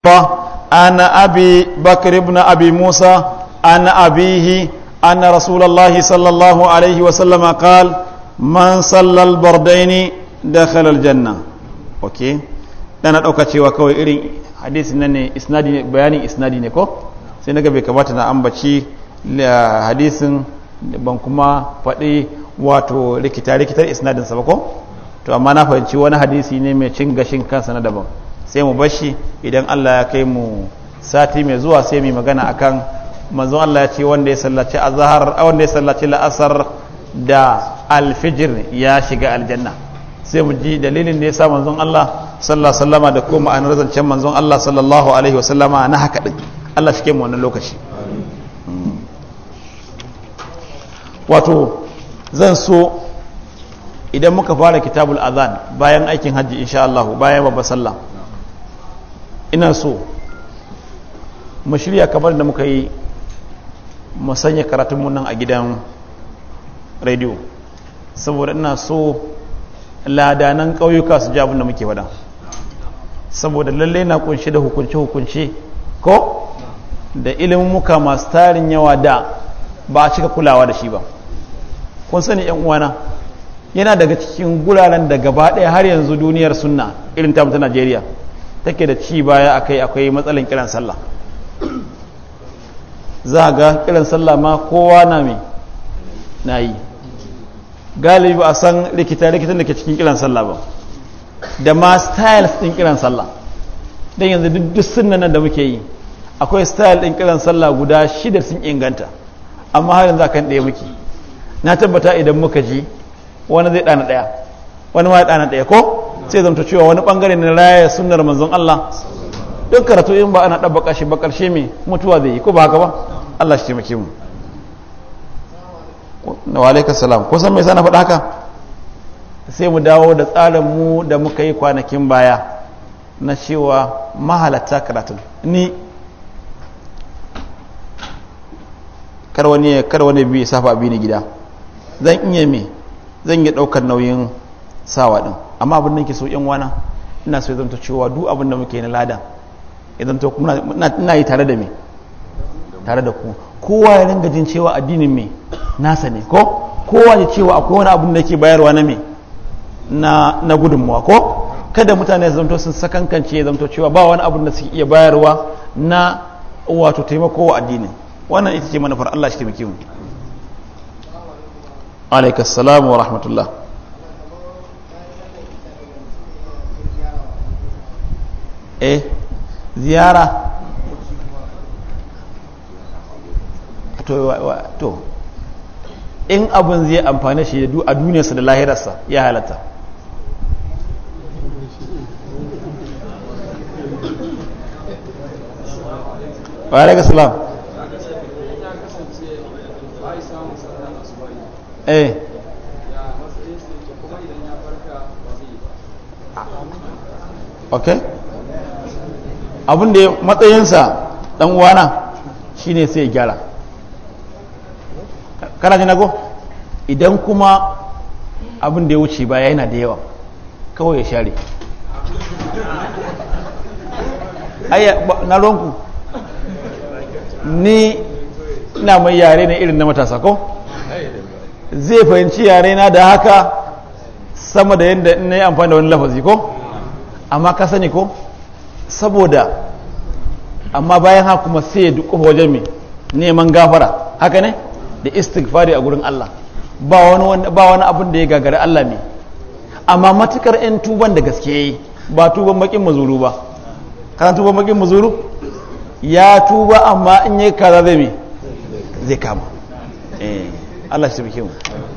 أن ana abi بن أبي abi Musa ana أن ana الله sallallahu alaihi عليه وسلم man من bardaini البردين دخل الجنة أوكي dana ɗauka cewa kawai irin hadisi nan ne isnadi ne bayanin isnadi ne ko sai na bai kamata na ambaci eh, hadisin ban kuma faɗi wato rikita rikitar isnadinsa ba ko to amma na fahimci wani hadisi ne mai cin gashin kansa na daban sai mu bashi idan Allah ya kai mu sati mai zuwa sai mu magana akan manzo Allah ya ce wanda ya sallaci azhar wanda ya sallaci la'asar da alfijir ya shiga aljanna sai mu ji dalilin da yasa manzon Allah sallallahu alaihi da kuma ma'anar zancen manzon Allah sallallahu alaihi wasallama na haka din Allah shi ke mu wannan lokaci wato zan so idan muka fara kitabul azan bayan aikin hajji insha Allah bayan babbar sallah ina so mu shirya kamar da muka yi mu sanya karatunmu nan a gidan rediyo saboda ina so ladanan kauyuka su jabu da muke wada saboda lallai na kunshi da hukunce-hukunce ko da ilimin muka masu tarin yawa da ba a cika kulawa da shi ba kun sani yan uwana yana daga cikin guraren da gaba ɗaya har yanzu duniyar sunna irin tamu ta najeriya take da ci baya akai akwai matsalan kiran sallah za ga kiran sallah ma kowa na mai na yi galibi ba a san rikita-rikitan da ke cikin kiran sallah ba da ma styles ɗin kiran sallah don yanzu duk sunan nan da muke yi akwai style ɗin kiran sallah guda shida sun inganta amma har yanzu akan ɗaya muke na tabbata idan muka ji wani zai ɗana ɗaya wani ma ya ɗana ɗaya ko sai zamta cewa wani bangare na raya sunnar manzon Allah duk karatu in ba ana dabbaka shi ba karshe mai mutuwa zai yi ko ba haka ba Allah shi taimake mu wa alaikas salam ko san me sana faɗa haka sai mu dawo da tsarin mu da muka yi kwanakin baya na cewa mahalatta karatun ni kar wani kar wani bi safa bi ni gida zan iya me zan yi daukar nauyin sawa din amma abin da ke so yan wana ina so ya cewa duk abin da muke na lada ya kuma ina yi tare da me tare da ku kowa ya ringa jin cewa addinin me nasa ne ko kowa ya cewa akwai wani abin da ke bayarwa na me na gudunmuwa ko kada mutane ya zanto sun sakankance ya zanto cewa ba wani abin da suke iya bayarwa na wato taimako wa addinin wannan ita ce manufar Allah shi taimake mu alaikassalamu salam wa rahmatullah eh ziyara to in abun zai amfane shi a duniyarsa da lahirarsa ya halatta ƙwarar ga salam eh okay abin da matsayinsa dan uwana shine sai gyara kana ji nago idan kuma abinda ya wuce baya yana da yawa kawai ya share ayya na ronku ni ina mai yare na irin na matasa ko zai fahimci yare na da haka sama da yadda ina yi amfani da wani lafazi ko amma ka sani ko saboda amma bayan haka kuma sai ya duk wajen mai neman gafara haka ne da istighfari a gurin Allah ba wani ba wani abin da ya gagari Allah ne amma matukar ɗan tuban da gaske yayi ba tuban makin mazuru ba kana tuban makin mazuru ya tuba amma in yayi kaza zai mai zai kama eh Allah shi bike mu